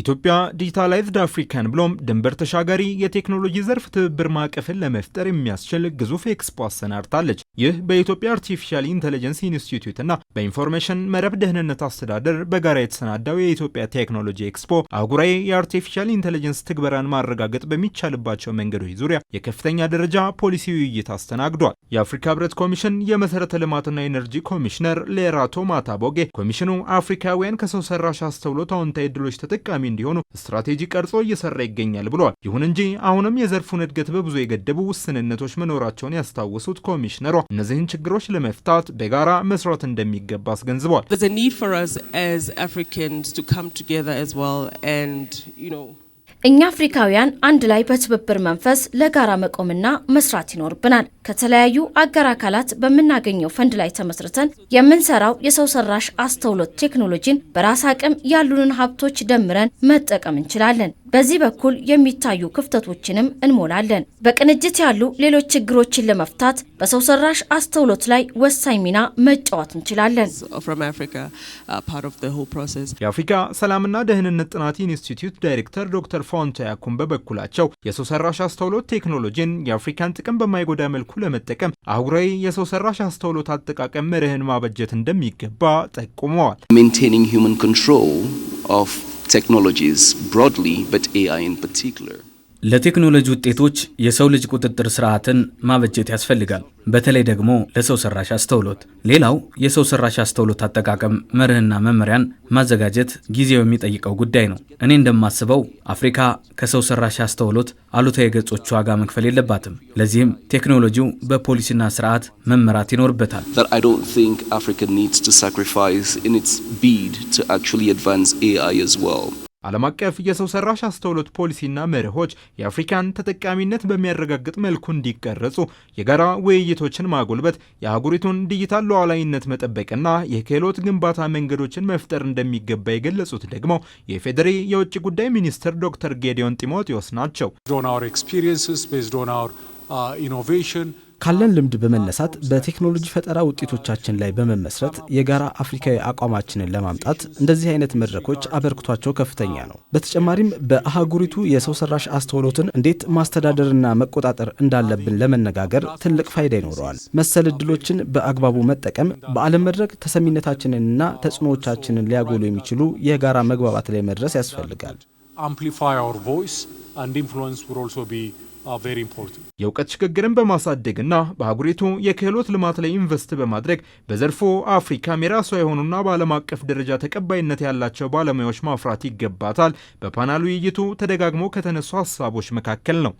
ኢትዮጵያ ዲጂታላይዝድ አፍሪካን ብሎም ድንበር ተሻጋሪ የቴክኖሎጂ ዘርፍ ትብብር ማዕቀፍን ለመፍጠር የሚያስችል ግዙፍ ኤክስፖ አሰናድታለች። ይህ በኢትዮጵያ አርቲፊሻል ኢንተለጀንስ ኢንስቲትዩትና በኢንፎርሜሽን መረብ ደህንነት አስተዳደር በጋራ የተሰናዳው የኢትዮጵያ ቴክኖሎጂ ኤክስፖ አጉራዊ የአርቲፊሻል ኢንተለጀንስ ትግበራን ማረጋገጥ በሚቻልባቸው መንገዶች ዙሪያ የከፍተኛ ደረጃ ፖሊሲ ውይይት አስተናግዷል። የአፍሪካ ህብረት ኮሚሽን የመሰረተ ልማትና ኤነርጂ ኮሚሽነር ሌራቶ ማታቦጌ ኮሚሽኑ አፍሪካውያን ከሰው ሰራሽ አስተውሎት አዎንታዊ እድሎች ተጠቃሚ ተጠቃሚ እንዲሆኑ ስትራቴጂ ቀርጾ እየሰራ ይገኛል ብለዋል። ይሁን እንጂ አሁንም የዘርፉን እድገት በብዙ የገደቡ ውስንነቶች መኖራቸውን ያስታወሱት ኮሚሽነሯ እነዚህን ችግሮች ለመፍታት በጋራ መስራት እንደሚገባ አስገንዝበዋል። እኛ አፍሪካውያን አንድ ላይ በትብብር መንፈስ ለጋራ መቆምና መስራት ይኖርብናል። ከተለያዩ አጋር አካላት በምናገኘው ፈንድ ላይ ተመስርተን የምንሰራው የሰው ሰራሽ አስተውሎት ቴክኖሎጂን በራስ አቅም ያሉንን ሀብቶች ደምረን መጠቀም እንችላለን። በዚህ በኩል የሚታዩ ክፍተቶችንም እንሞላለን። በቅንጅት ያሉ ሌሎች ችግሮችን ለመፍታት በሰው ሰራሽ አስተውሎት ላይ ወሳኝ ሚና መጫወት እንችላለን። uh, የአፍሪካ ሰላምና ደህንነት ጥናት ኢንስቲትዩት ዳይሬክተር ዶክተር ፋውንታ ያኩም በበኩላቸው የሰው ሰራሽ አስተውሎት ቴክኖሎጂን የአፍሪካን ጥቅም በማይጎዳ መልኩ ለመጠቀም አህጉራዊ የሰው ሰራሽ አስተውሎት አጠቃቀም መርህን ማበጀት እንደሚገባ ጠቁመዋል። technologies broadly, but AI in particular. ለቴክኖሎጂ ውጤቶች የሰው ልጅ ቁጥጥር ስርዓትን ማበጀት ያስፈልጋል። በተለይ ደግሞ ለሰው ሰራሽ አስተውሎት። ሌላው የሰው ሰራሽ አስተውሎት አጠቃቀም መርህና መመሪያን ማዘጋጀት ጊዜው የሚጠይቀው ጉዳይ ነው። እኔ እንደማስበው አፍሪካ ከሰው ሰራሽ አስተውሎት አሉታዊ ገጾች ዋጋ መክፈል የለባትም። ለዚህም ቴክኖሎጂው በፖሊሲና ስርዓት መመራት ይኖርበታል። ዓለም አቀፍ የሰው ሰራሽ አስተውሎት ፖሊሲና መርሆች የአፍሪካን ተጠቃሚነት በሚያረጋግጥ መልኩ እንዲቀረጹ የጋራ ውይይቶችን ማጎልበት፣ የአህጉሪቱን ዲጂታል ሉዓላዊነት መጠበቅና የክህሎት ግንባታ መንገዶችን መፍጠር እንደሚገባ የገለጹት ደግሞ የፌዴሪ የውጭ ጉዳይ ሚኒስትር ዶክተር ጌዲዮን ጢሞቴዎስ ናቸው። ካለን ልምድ በመነሳት በቴክኖሎጂ ፈጠራ ውጤቶቻችን ላይ በመመስረት የጋራ አፍሪካዊ አቋማችንን ለማምጣት እንደዚህ አይነት መድረኮች አበርክቷቸው ከፍተኛ ነው። በተጨማሪም በአህጉሪቱ የሰው ሰራሽ አስተውሎትን እንዴት ማስተዳደርና መቆጣጠር እንዳለብን ለመነጋገር ትልቅ ፋይዳ ይኖረዋል። መሰል እድሎችን በአግባቡ መጠቀም በዓለም መድረክ ተሰሚነታችንንና ተጽዕኖዎቻችንን ሊያጎሉ የሚችሉ የጋራ መግባባት ላይ መድረስ ያስፈልጋል። amplify our voice and influence will also be uh, የእውቀት ሽግግርን በማሳደግና በአህጉሪቱ የክህሎት ልማት ላይ ኢንቨስት በማድረግ በዘርፉ አፍሪካም የራሷ የሆኑና በዓለም አቀፍ ደረጃ ተቀባይነት ያላቸው ባለሙያዎች ማፍራት ይገባታል በፓናል ውይይቱ ተደጋግሞ ከተነሱ ሀሳቦች መካከል ነው።